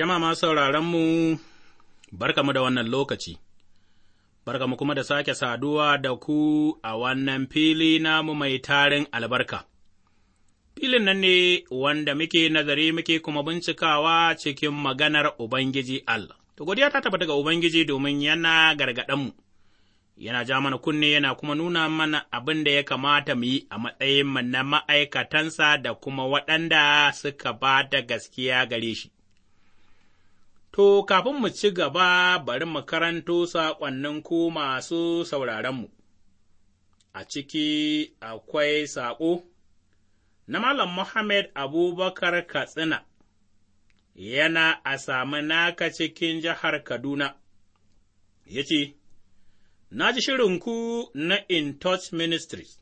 Jama'a sauraronmu, mu da wannan lokaci, barka mu kuma da sake saduwa da ku a wannan fili namu mai tarin albarka. Filin nan ne wanda muke nazari muke kuma bincikawa cikin maganar Ubangiji Allah. To, godiya ta tabbata ga Ubangiji domin yana gargaɗanmu, yana ja mana kunne yana kuma nuna mana abin da ya kamata mu yi a matsayin na ma'aikatansa da kuma waɗanda suka ba da gaskiya gare shi. To, kafin mu ci gaba bari mu karanto saƙonnin ku masu sauraronmu, a ciki akwai saƙo na Malam Muhammad Abubakar Katsina, yana a sami naka cikin jihar Kaduna, ya ce, Na ji shirinku na In Touch Ministries,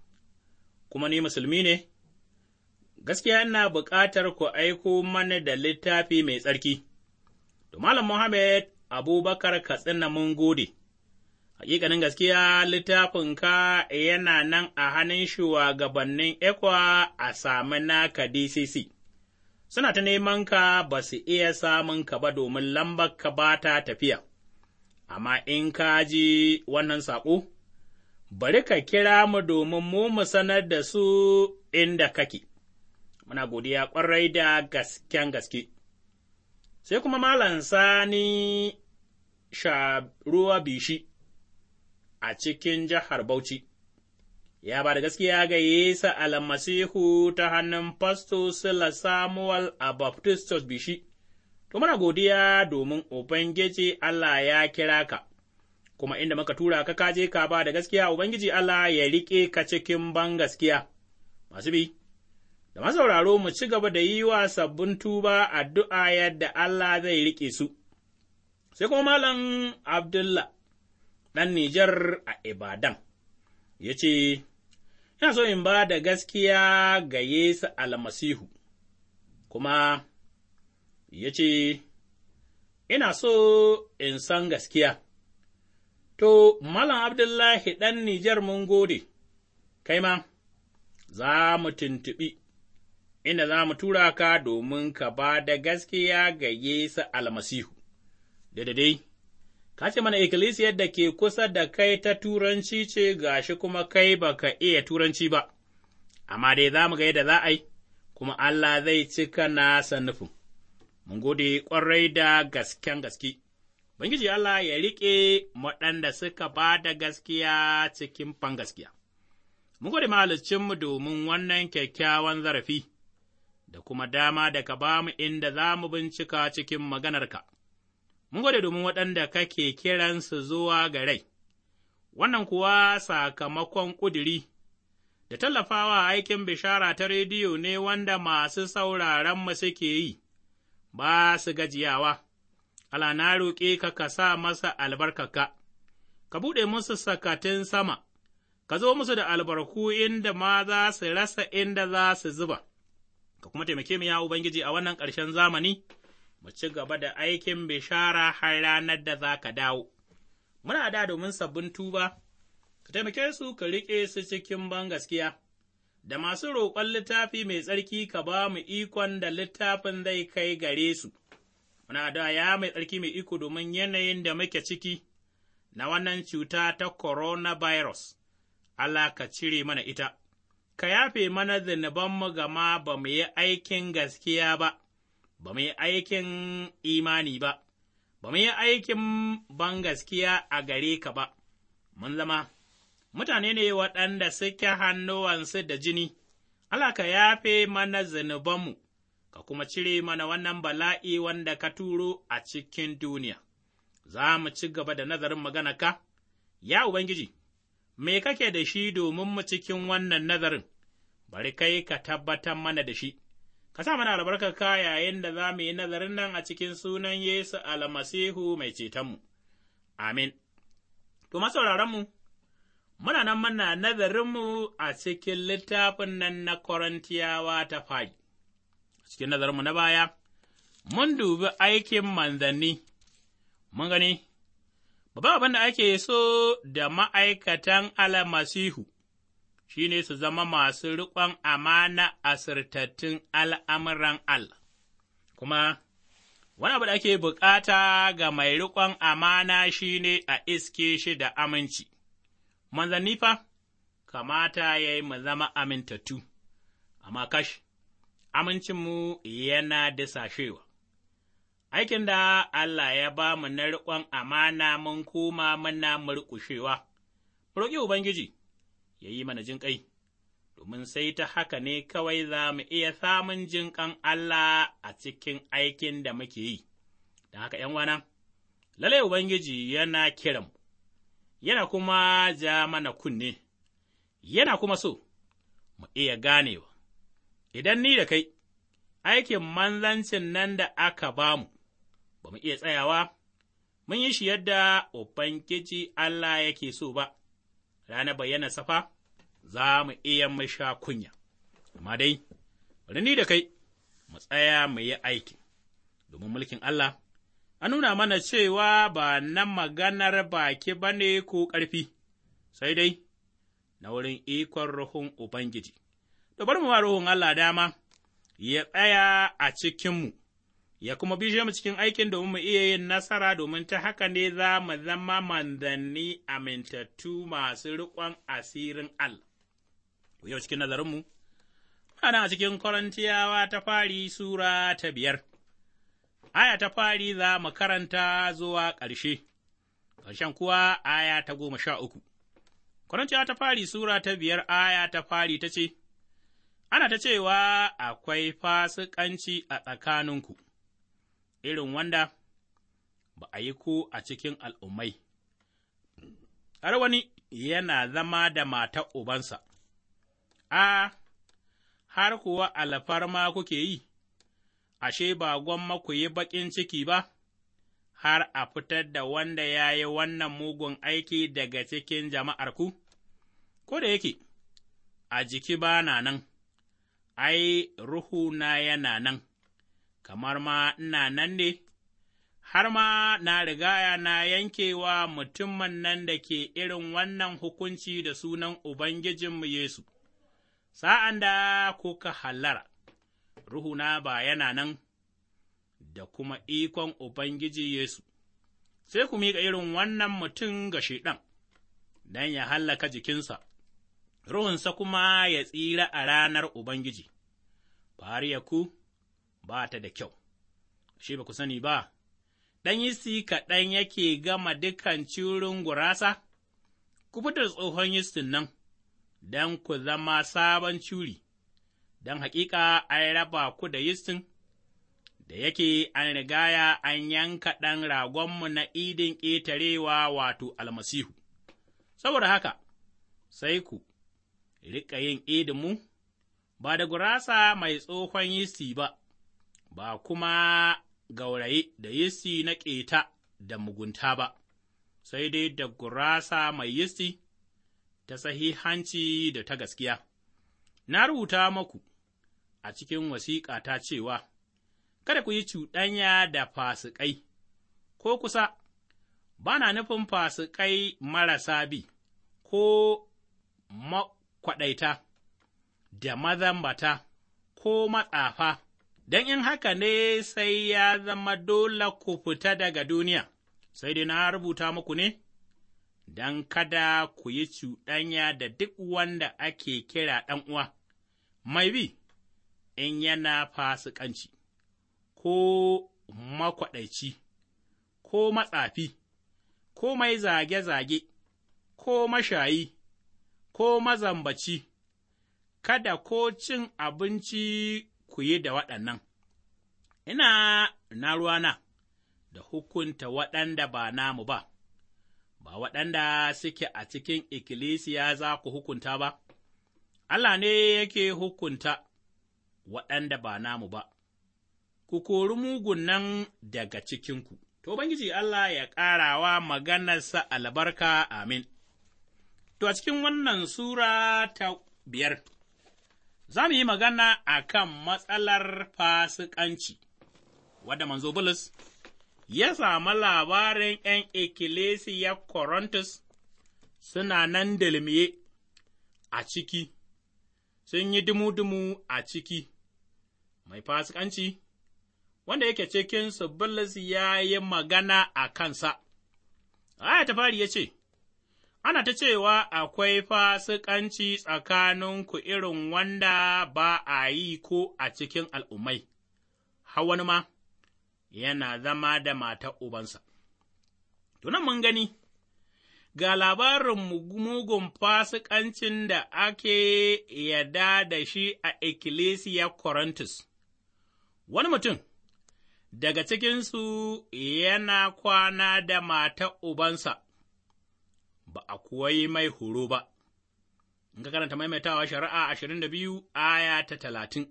kuma ni musulmi ne, gaskiya ina buƙatar ku aiko mana da littafi mai tsarki. To Malam Muhammad Abubakar Katsina mun gode, hakikanin gaskiya littafinka yana nan a hannun shugabannin ekwa a sami naka DCC. Suna ta neman ka ba su iya samun ka ba domin lambar ka ba ta tafiya, amma in ka ji wannan saƙo, bari ka kira mu domin mu mu sanar da su inda kake. Muna godiya ƙwarai da gasken gaske. sai kuma Malam Sani Sharuwa Bishi a cikin jihar Bauchi, ya ba da gaskiya ga Yesu almasihu ta hannun Fasto Sila Samuel a Baptistus Bishi, to muna godiya domin Ubangiji Allah ya kira ka, kuma inda muka tura ka kaje ka ba da gaskiya Ubangiji Allah ya riƙe ka cikin ban gaskiya. Masu bi, da masauraro mu ci gaba da yi wa sabbin tuba addu'a yadda Allah zai riƙe su. Sai kuma Malam Abdullah, ɗan Nijar a Ibadan, ya ce, Ina so in ba da gaskiya ga Yesu almasihu, kuma ya ce, Ina so in san gaskiya. To, Malam Abdullahi ɗan Nijar mun gode, kai ma, za mu tuntuɓi. inda za mu tura ka domin ka ba da gaskiya ga Yesu almasihu. dai, ka ce mana ikkilisiyar da ke kusa da kai ta turanci ce gashi kuma kai ba ka iya turanci ba, amma dai za mu ga yadda za a yi, kuma Allah zai cika nasa nufin. Mun gode ƙwarai da gasken gaske. Bangiji Allah ya riƙe waɗanda suka ba da gaskiya cikin fangaskiya. Mun gode mahaliccinmu domin wannan kyakkyawan zarafi. da kuma dama da ka ba mu inda za mu bincika cikin maganarka. Mun gode domin waɗanda kake kiransu zuwa ga rai, wannan kuwa sakamakon ƙudiri da tallafawa aikin bishara ta rediyo ne wanda masu mu suke yi, ba su gajiyawa. ala na roƙe ka ka sa masa albarkaka, ka buɗe musu sakatun sama, ka zo musu da albarku inda ma za su rasa inda za su zuba, ka kuma taimake mu ya Ubangiji a wannan ƙarshen zamani, mu ci gaba da aikin bishara har ranar da za ka dawo. Muna da domin sabbin tuba, ka taimake su ka riƙe su cikin ban gaskiya, da masu roƙon littafi mai tsarki ka ba mu ikon da littafin zai kai gare su. Muna da ya mai tsarki mai iko domin yanayin da muke ciki na wannan cuta ta coronavirus, Allah ka cire mana ita. ka yafe mana mu gama ba mu yi aikin gaskiya ba, ba mu yi aikin imani ba, ba mu yi aikin ban gaskiya a gare ka ba, mun zama, mutane ne waɗanda suke hannuwansu da jini, Allah ka yafe mana zunubanmu, ka kuma cire mana wannan bala'i wanda ka turo a cikin duniya. Za mu ci gaba da nazarin magana ka, ya Ubangiji. me kake da shi domin mu cikin wannan nazarin, bari kai ka tabbatar mana da shi. Ka sa mana albarkar ka yayin da za mu yi nazarin nan a cikin sunan Yesu almasihu mai cetonmu. Amin. To, mu, muna nan mana nazarinmu a cikin littafin nan na Korintiyawa ta fari. Cikin nazarinmu na baya, mun dubi aikin manzanni, mun gani babban abin da ake so da ma'aikatan almasihu shi ne su zama masu riƙon amana a sirtattun al'amuran Allah, kuma wani abu da ake bukata ga mai riƙon amana shi ne a iske shi da aminci, manzanni fa kamata ya yi mu zama amintattu, amma kashi, amincinmu yana da sashewa. aikin da Allah ya ba mu na riƙon amana mun koma mana murƙushewa, roƙi Ubangiji, ya yi mana jinƙai, domin sai ta haka ne kawai za mu iya samun jinƙan Allah a cikin aikin da muke yi, don haka ’yan lalai Ubangiji yana kiran, yana kuma ja mana kunne, yana kuma so mu iya ganewa, idan ni da kai, aikin manzancin nan da aka bamu. ba mu iya tsayawa, mun yi shi yadda Ubangiji Allah yake so ba, Rana bayyana safa za mu iya mai kunya, amma dai, bari ni da kai, mu tsaya mu yi aiki, domin mulkin Allah, an nuna mana cewa ba na maganar baki ba ne ko ƙarfi, sai dai, na wurin ikon ruhun Ubangiji, da bari mu ruhun Allah dama, ya tsaya a cikinmu. ya kuma bishe mu cikin aikin domin mu iya yin nasara domin ta haka ne za mu zama manzanni amintattu masu riƙon asirin Allah. Yau cikin nazarinmu, ana cikin Korintiyawa ta fari Sura ta biyar, aya ta fari za mu karanta zuwa ƙarshe, ƙarshen kuwa aya ta goma sha uku. Korintiyawa ta fari Sura ta biyar aya ta fari ta ce, Ana ta cewa akwai fasikanci a tsakaninku. irin wanda ba a yi ko a cikin al'ummai, har wani yana zama da matar ubansa, a, har kuwa alfarma kuke yi, ashe ba gwamma ku yi baƙin ciki ba, har a fitar da wanda ya yi wannan mugun aiki daga cikin jama'arku, ko da yake, a jiki ba na nan, ai, ruhu na yana nan. kamar ma ina nan ne, har ma na rigaya na yankewa mutumin nan da ke irin wannan hukunci da sunan Ubangijinmu Yesu, sa'an da kuka hallara, ruhuna ba yana nan da kuma ikon Ubangiji Yesu, sai ku miƙa irin wannan mutum ga shiɗan, don ya hallaka jikinsa, ruhunsa kuma ya tsira a ranar Ubangiji, fariya ku. ba ta da kyau. Shi ba ku sani ba, ɗan yisti kaɗan yake gama dukan cirin gurasa, ku fitar tsohon yistin nan, don ku zama sabon curi, don haƙiƙa an raba ku da yistin, da yake an rigaya an yanka ɗan ragonmu na idin ƙetarewa wato almasihu. Saboda haka, sai ku riƙa yin idinmu, ba da gurasa mai tsohon yisti ba. ba kuma gauraye da yisti na ƙeta da mugunta ba, sai dai da gurasa mai yisti ta sahihanci da ta gaskiya. Na rubuta maku a cikin wasiƙa ta cewa, Kada ku yi cuɗanya da fasikai, ko kusa, ba na nufin fasikai marasa bi, ko makwaɗaita, da mazambata, ko matsafa. don in haka ne sai ya zama dole ku fita daga duniya, sai dai na rubuta muku ne, don kada ku yi cuɗanya da duk wanda ake kira ɗan uwa, mai bi in yana fasikanci, ko makwaɗaici, ko matsafi, ko mai zage-zage, ko mashayi, ko mazambaci, kada ko cin abinci yi da waɗannan, ina na ruwana da hukunta waɗanda ba namu ba, ba waɗanda suke a cikin ikkilisiya za ku hukunta ba, Allah ne yake hukunta waɗanda ba namu ba, ku kori mugun nan daga cikinku. To, Ubangiji Allah ya ƙarawa maganarsa albarka, amin. To, a cikin wannan Sura ta biyar, za mu yi magana a kan matsalar fasikanci, wadda manzo Bulus ya sami labarin ’yan Ikilisiya Korontus suna nan dalmiye a ciki, sun yi dumu-dumu a ciki, mai fasikanci, wanda yake cikinsu Bulus ya yi magana a kansa. Aya ta fari ya ce, ana ta cewa akwai fasikanci tsakaninku irin wanda ba a yi ko a cikin al'ummai, wani ma yana zama da mata ubansa. Tunan mun gani, ga labarin mugun fasikancin da ake yada da shi a Ecclesia Corinthus, wani mutum daga cikinsu yana kwana da mata ubansa. ba a kuwa yi mai horo ba. In ka karanta maimaitawa shari'a ashirin da biyu aya ta talatin,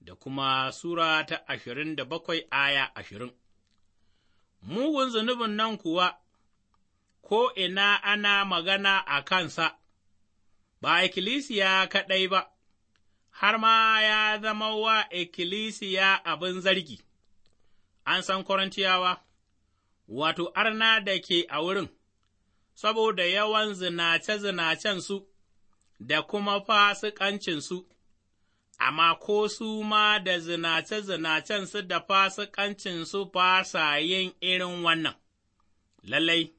da kuma Sura ta ashirin da bakwai aya ashirin. Mugun zunubin nan kuwa, ko ina ana magana a kansa, ba ikkilisiya kaɗai ba, har ma ya zama wa ikkilisiya abin zargi, an san Korintiyawa, wato arna da ke a wurin. saboda yawan zinace-zinacensu da kuma fasikancinsu, amma ko su ma da zinace-zinacensu da fasikancinsu ba sa yin irin wannan, lallai,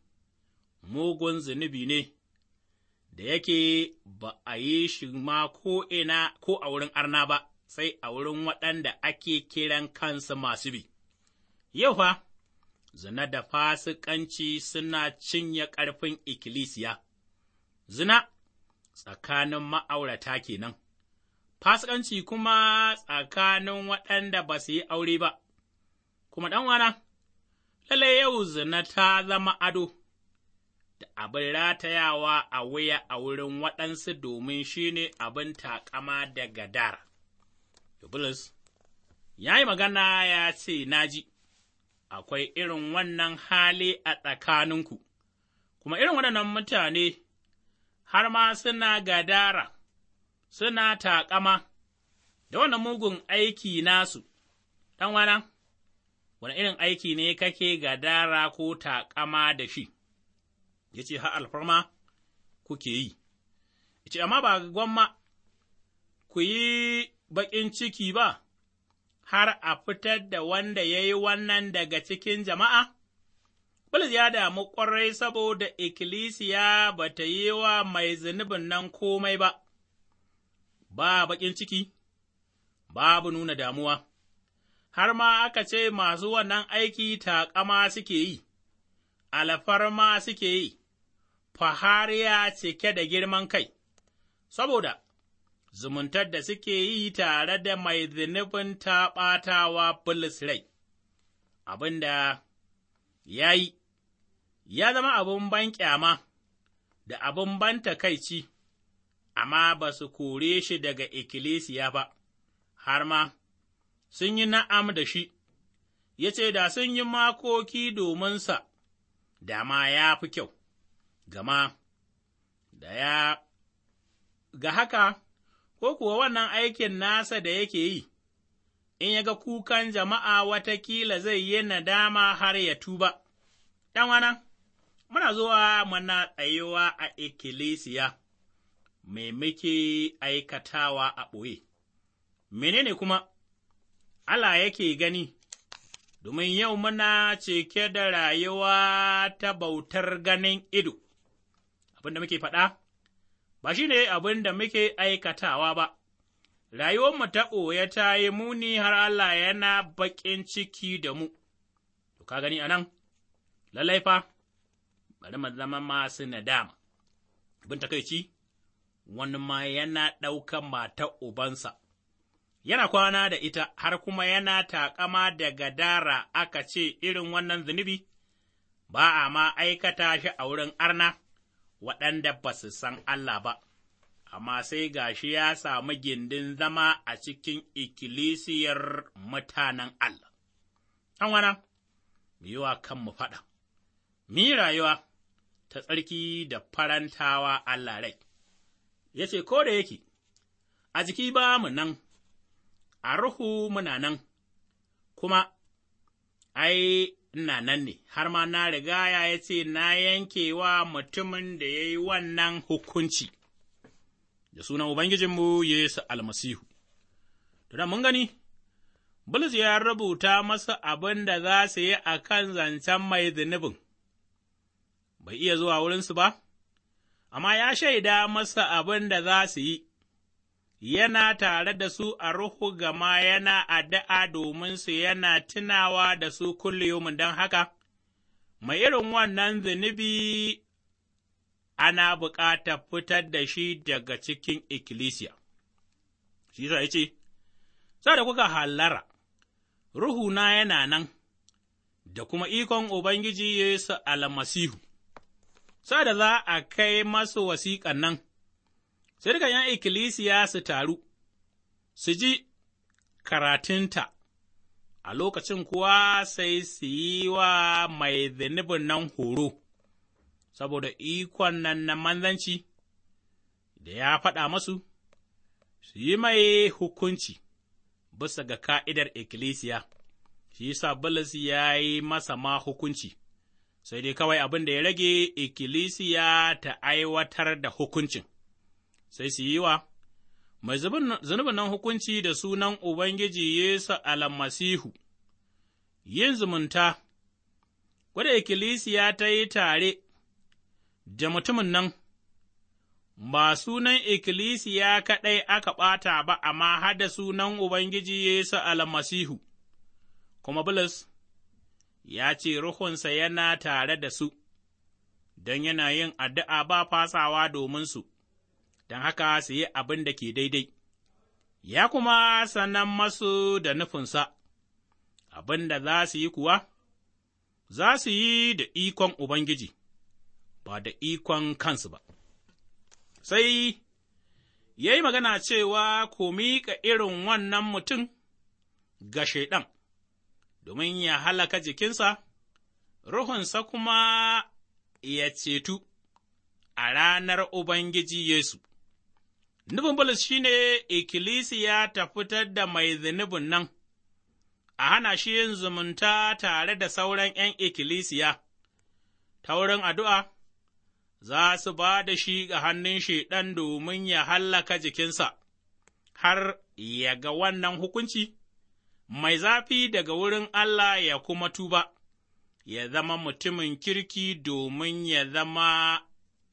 mugun zunubi ne, da yake ba a yi shi ma ko'ina ko a wurin arna ba, sai a wurin waɗanda ake kiran kansu masu bi. Yau fa, zina da fasikanci suna cinye ƙarfin ikkilisiya, zina tsakanin ma'aurata kenan, fasikanci kuma tsakanin waɗanda ba su yi aure ba, kuma ɗan wana, lallai yau zina ta zama ado, da abin ratayawa a wuya a wurin waɗansu domin shi ne abin taƙama daga dara. Yubulus ya yi magana ya ce, Naji. ji. akwai irin wannan hali a tsakaninku, kuma irin waɗannan mutane har ma suna gadara, suna taƙama da wannan mugun aiki nasu, ɗanwana, wani irin aiki ne kake gadara ko taƙama da shi, ya ce har alfarma kuke yi, ya ce, amma ba gwamma ku yi baƙin ciki ba. har a fitar da wanda ya yi wannan daga cikin jama'a? Bulus ya damu ƙwarai saboda ikkilisiya ba ta yi wa mai zunubin nan komai ba, ba baƙin ciki, babu nuna damuwa, har ma aka ce masu wannan aiki taƙama suke yi, alfarma suke yi, fahariya cike da girman kai, saboda zumuntar da suke yi tare da mai zunubin ta ɓatawa Bulus rai, abin da ya yi, ya zama abin ban ƙyama da abin ban takaici, amma ba su kore shi daga ikkilisiya ba, har ma sun yi na'am da shi, ya ce da sun yi makoki dominsa, da ma ya fi kyau, gama da ya ga haka ko kuwa wannan aikin nasa da yake yi, in ya ga kukan jama'a watakila zai yi nadama har ya tuba. wana muna zuwa mana tsayuwa a ikkilisiya, me muke aikatawa a ɓoye, menene kuma Allah yake gani, domin yau muna cike da rayuwa ta bautar ganin ido, abin da muke faɗa ba shi ne abin da muke aikatawa ba, Rayuwar mu ta ɓoye ta yi muni har Allah yana baƙin ciki da mu, to ka gani a nan, lallai fa, bari mu zama masu nadama, abin takaici, wani ma yana ɗaukan matar ubansa. yana kwana da ita har kuma yana taƙama daga dara aka ce irin wannan zunubi, ba a ma aikata shi a wurin arna, waɗanda ba su san Allah ba, amma sai gashi ya samu gindin zama a cikin ikkilisiyar mutanen Allah. An wana, yiwa kanmu faɗa, mi rayuwa ta tsarki da farantawa Allah rai, ya ce, Ko da yake, a jiki ba mu nan, a ruhu muna nan, kuma, ai, ina nan ne, har ma na rigaya ya ce na yanke wa mutumin da ya yi wannan hukunci, da sunan Ubangijinmu Yesu almasihu. Tuna mun gani, Bulus ya rubuta masa abin da za su yi a kan zancen mai zunubin, bai iya zuwa wurinsu ba, amma ya shaida masa abin da za su yi. yana tare da su a ruhu gama yana addu'a domin su yana tunawa da su kulliyomin don haka, mai irin wannan zunubi ana buƙatar fitar da shi daga cikin ikkilisiya. Shi sa ce, Sa da kuka hallara, ruhuna yana nan, da kuma ikon Ubangiji Yesu almasihu, sa da za a kai masu wasiƙan nan. sai daga ’yan ikkilisiya su taru, su ji karatunta, a lokacin kuwa sai su yi wa mai zunubin nan horo, saboda ikon nan na manzanci da ya faɗa masu, su yi mai hukunci bisa ga ka'idar ikkilisiya, shi sa Bulus ya yi masa ma hukunci. Sai dai kawai abin da ya rage ikkilisiya ta aiwatar da hukuncin. sai su yi wa mai zunubin nan hukunci da sunan Ubangiji Yesu almasihu yin zumunta, gwada ikkilisiya ta yi tare da mutumin nan, ba sunan ikkilisiya kaɗai aka ɓata ba, amma hada sunan Ubangiji Yesu almasihu, kuma Bulus ya ce Ruhunsa yana tare da su, don yana yin addu'a ba fasawa domin su. don haka su yi abin da ke daidai, ya kuma sanan masu da nufinsa, abin da za su yi kuwa, za su yi da ikon Ubangiji, ba da ikon kansu ba. Sai ya yi magana cewa ku miƙa irin wannan mutum ga Shaiɗan, domin ya halaka jikinsa, ruhunsa kuma ya cetu a ranar Ubangiji Yesu. Nufin Bulus shi ne ikkilisiya ta fitar da mai zunubin nan, a hana shi yin zumunta tare da sauran ’yan ikkilisiya, ta wurin addu'a, za su ba da shi ga hannun Shaiɗan domin ya hallaka jikinsa, har ya ga wannan hukunci, mai zafi daga wurin Allah ya kuma tuba, ya zama mutumin kirki domin ya zama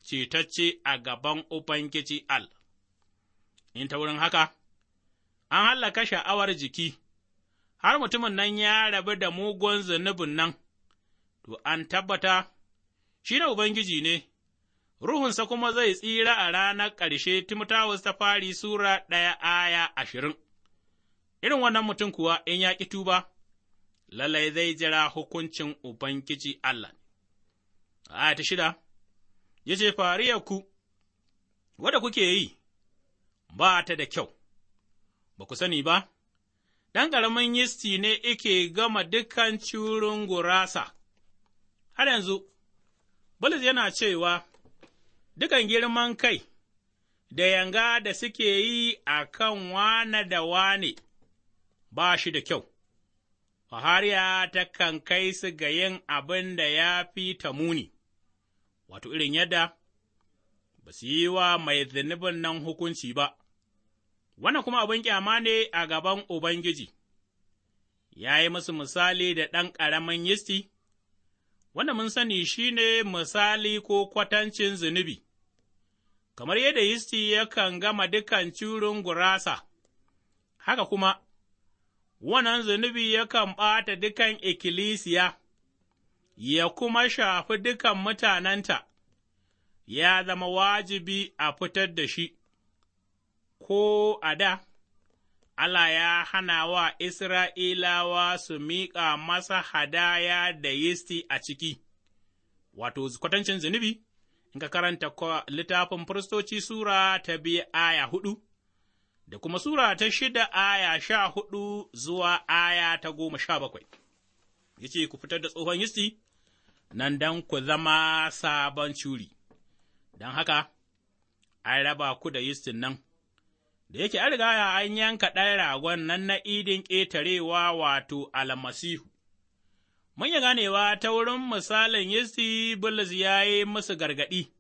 cetacce a gaban Ubangiji Al. in ta wurin haka, an hallaka sha'awar jiki, har mutumin nan ya rabu da mugun zunubin nan, to an tabbata, shi na Ubangiji ne, ruhunsa kuma zai tsira a ranar ƙarshe Timotawus ta fari Sura ɗaya aya ashirin. Irin wannan mutum kuwa in ya ƙi tuba, lallai zai jira hukuncin Ubangiji Allah. Aya ta shida, ya ce, ku, wadda kuke yi, ba ta da kyau, ba ku sani ba, ɗan ƙaramin yisti ne ike gama dukan curin gurasa, har yanzu, Bulus yana cewa, dukan girman kai da yanga da suke yi a kan wane da wane ba shi da kyau, fahariya ta kan kai su ga yin abin da ya fi ta muni, wato irin yadda ba su yi wa mai zunubin nan hukunci ba. wannan kuma abin ƙyama ne a gaban Ubangiji, ya yi musu misali da ɗan ƙaramin yisti, wanda mun sani shi ne misali ko kwatancin zunubi, kamar yadda yisti yakan gama dukan curin gurasa, haka kuma, wannan zunubi yakan ɓata dukan ikkilisiya, ya kuma shafi dukan mutanenta, ya zama wajibi a fitar da shi. ko a da, Allah ya hana wa Isra'ilawa su miƙa masa hadaya da yisti a ciki, wato, kwatancin zunubi, in ka karanta littafin Firistoci Sura ta biya aya hudu, da kuma Sura ta shida aya sha hudu zuwa aya ta goma sha bakwai, ya ce ku fitar da tsohon yisti, nan don ku zama sabon curi, don haka, an raba ku da yistin nan. da yake an riga an yanka ɗan ragon nan na idin ƙetarewa wato almasihu. Mun yi ganewa ta wurin misalin Yisti Bulus ya yi musu gargaɗi,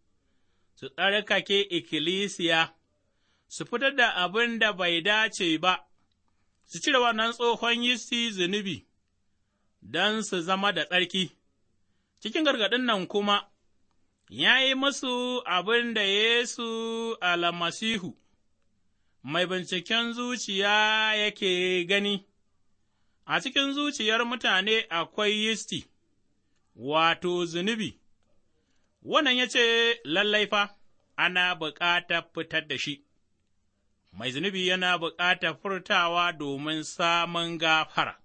su tsarkake ikkilisiya, su fitar da abin da bai dace ba, su cire wannan tsohon Yisti zunubi, don su zama da tsarki. Cikin gargaɗin nan kuma, ya yi musu abin da Yesu almasihu. mai binciken zuciya yake gani, a cikin zuciyar mutane akwai yisti, wato zunubi, wannan ya ce ana buƙatar fitar da shi, mai zunubi yana buƙatar furtawa domin samun gafara.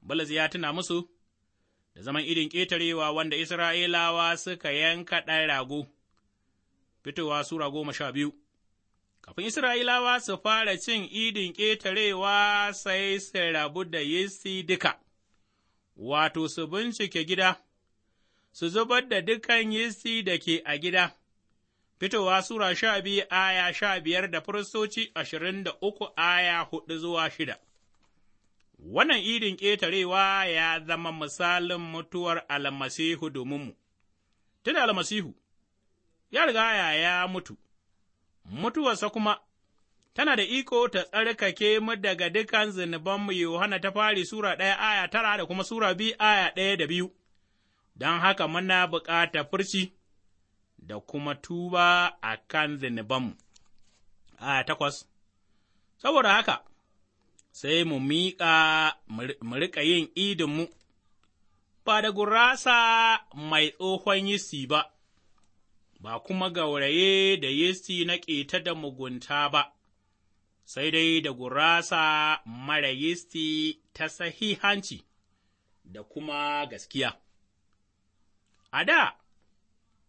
Bulus ya tuna musu da zaman irin ƙetarewa wanda Isra'ilawa suka yanka ɗan rago, fitowa Sura goma sha biyu. Kafin Isra'ilawa su fara cin idin ƙetarewa sai su rabu da yisti duka, wato su bincike gida, su zubar da dukan yisti da ke a gida. Fitowa Sura sha biyu aya sha biyar da firistoci ashirin da uku aya hudu zuwa shida. Wannan idin ƙetarewa ya zama misalin mutuwar almasihu mu. tun almasihu, ya riga ya mutu. mutuwarsa kuma tana da iko ta tsarkake mu daga dukan zunubanmu Yohana ta fari Sura ɗaya aya tara da kuma Sura biyu aya ɗaya da biyu, don haka muna buƙatar furci da kuma tuba a kan zunubanmu. Aya takwas, saboda haka, sai mu miƙa mu riƙa yin idinmu, ba da gurasa mai tsohon yisti ba. ba kuma gauraye da yisti na ƙeta da mugunta ba, sai dai da gurasa mara yisti ta sahihanci da kuma gaskiya. A da,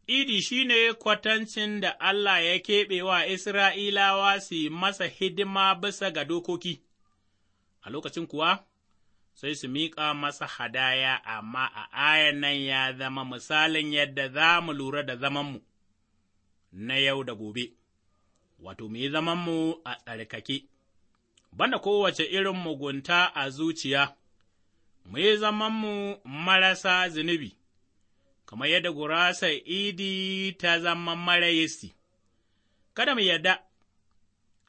Idi shi ne kwatancin da Allah ya keɓe wa Isra'ilawa su yi masa hidima bisa ga dokoki, a lokacin kuwa sai su miƙa masa hadaya, amma a ayan nan ya zama misalin yadda za mu lura da zamanmu. na yau da gobe, wato, mu yi zamanmu a tsarkake, banda kowace irin mugunta a zuciya, mu yi zamanmu marasa zunubi, kamar yadda gurasa idi ta zama mara yisti, kada mu yarda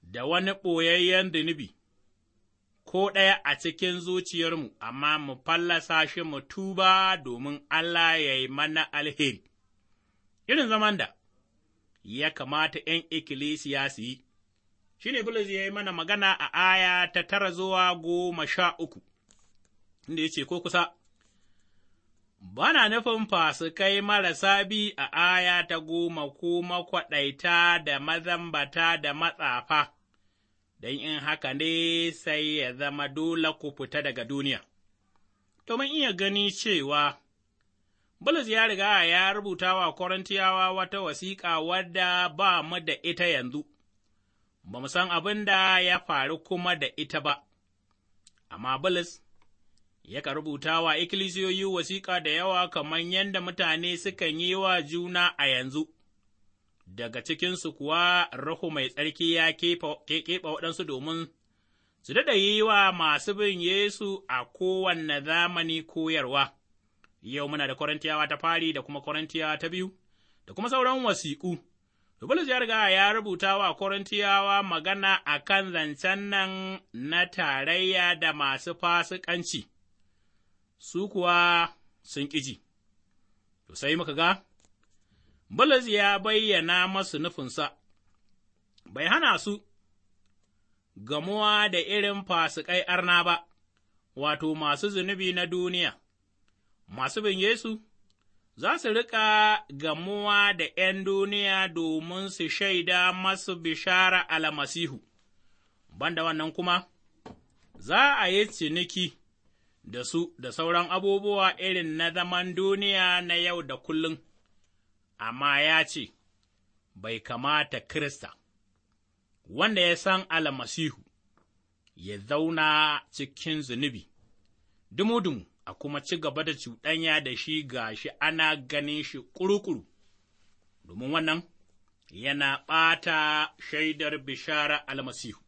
da wani ɓoyayyen zunubi. ko ɗaya a cikin zuciyarmu, amma mu fallasa shi mu tuba domin Allah ya yi mana alheri. Irin zaman da ya kamata ’yan ikkilisiya su yi. Shi ne Bulus ya yi mana magana a aya ta tara zuwa goma sha uku, inda ya ce ko kusa, Bana nufin fasikai marasa bi a aya ta goma ko makwaɗaita da mazambata da matsafa, don in haka ne sai ya zama dole ku fita daga duniya. Domin iya gani cewa Bulus ya riga ya rubuta wa Korintiyawa wata wasiƙa wadda ba mu da ita yanzu, ba mu san abin da ya faru kuma da ita ba, amma Bulus yaka rubuta wa ikkilisiyoyi wasiƙa da yawa kamar yadda mutane sukan yi wa juna a yanzu, daga cikinsu kuwa Ruhu Mai Tsarki ya keɓe waɗansu domin su daɗa yi wa masu bin Yesu a kowanne zamani koyarwa. yau muna da Korintiyawa ta fari da kuma Korintiyawa ta biyu, da kuma sauran wasiƙu. Bulus ya riga ya rubuta wa Korintiyawa magana a kan zancen nan na tarayya da masu fasikanci, su kuwa sun ƙiji. To sai muka ga, Bulus ya bayyana masu nufinsa, bai hana su gamuwa da irin fasikai arna ba, wato masu zunubi na duniya. masu bin Yesu za su riƙa gamuwa da ’yan duniya domin su shaida masu bishara almasihu, banda wannan kuma, za a yi ciniki da su da sauran abubuwa irin na zaman duniya na yau da kullum, amma ya ce, Bai kamata Kirista, wanda ya san almasihu, ya zauna cikin zunubi, dumu-dumu. a kuma ci gaba da cuɗanya da shi ga shi ana ganin shi ƙuruƙuru, domin wannan yana ɓata shaidar bishara almasihu.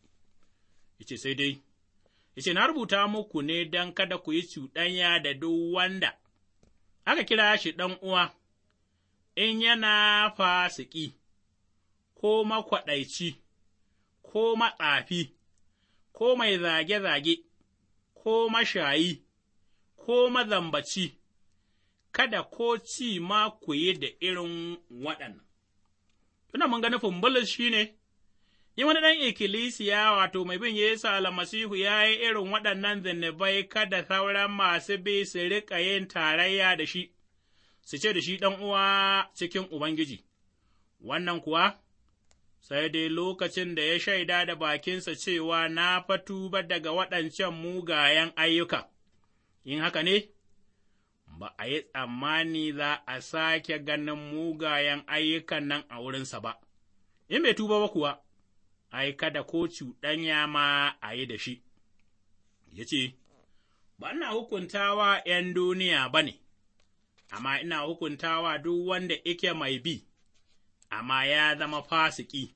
Ice sai dai, ice na rubuta muku ne don kada ku yi cuɗanya da duk wanda, aka kira shi ɗan uwa, in yana fasiki, ko makwaɗaici, ko matsafi, ko mai zage-zage, ko mashayi. ko mazambaci, kada ko ci ma ku yi da irin waɗannan. Tuna mun ga nufin bulus shi ne, in wani ɗan ikkilisiya wato mai bin Yesu almasihu ya yi irin waɗannan zinubai kada sauran masu bi su riƙa yin tarayya da shi, su ce da shi ɗan uwa cikin Ubangiji, wannan kuwa? sai dai lokacin da ya shaida da bakinsa cewa na fa tuba daga waɗancan mugayen ayyuka, in haka ne, ba a yi tsammani za a sake ganin mugayen ayyukan nan a wurinsa ba, in bai tuba ba kuwa, ai, kada ko cuɗanya ma a yi da shi, ya ce, Ba ina hukuntawa ’yan duniya ba ne, amma ina hukuntawa duk wanda ike mai bi, amma ya zama fasiki,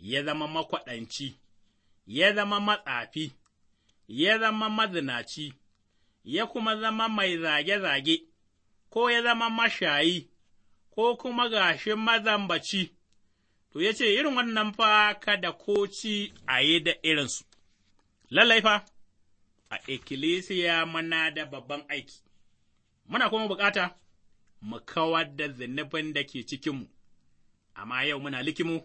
ya zama makwaɗanci, ya zama matsafi, ya zama mazinaci. ya kuma zama mai zage-zage, ko ya zama mashayi, ko kuma gashin mazambaci, to ya ce irin wannan fa kada ko ci a yi da irinsu. Lallai a ikkilisiya mana da babban aiki, muna kuma bukata mu kawar da zunubin da ke cikinmu, amma yau muna likimu,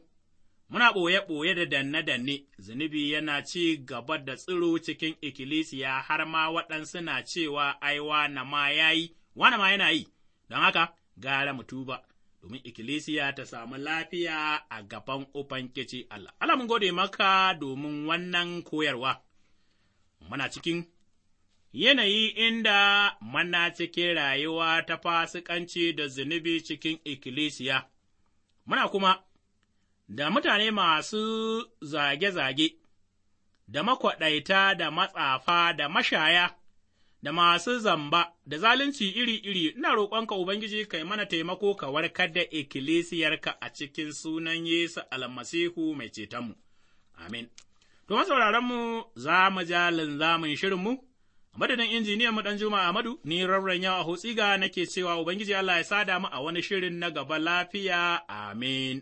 Muna ɓoye-ɓoye da danne-danne, zunubi yana ci gaba da tsiro cikin ikkilisiya har ma waɗansu na cewa ai wana ma ya yi, wana ma yana yi, don haka gara mu tuba, domin ikkilisiya ta samu lafiya a gaban Ubangiji Allah. Allah mun gode maka domin wannan koyarwa. Muna cikin yanayi inda mana cikin rayuwa ta fasikanci da zunubi cikin ikkilisiya, muna kuma da mutane masu zage-zage, da makwaɗaita, da matsafa, da mashaya, da masu zamba, da zalunci iri-iri, ina roƙonka Ubangiji kai mana taimako ka warkar da ikkilisiyarka a cikin sunan Yesu almasihu mai cetonmu. Amin. To, sauraronmu za mu ja linzamin shirinmu, madadin injiniyan mu ɗan Juma Ahmadu, ni rarren yawa hotsiga nake cewa Ubangiji Allah ya sada mu a wani shirin na gaba lafiya, amin.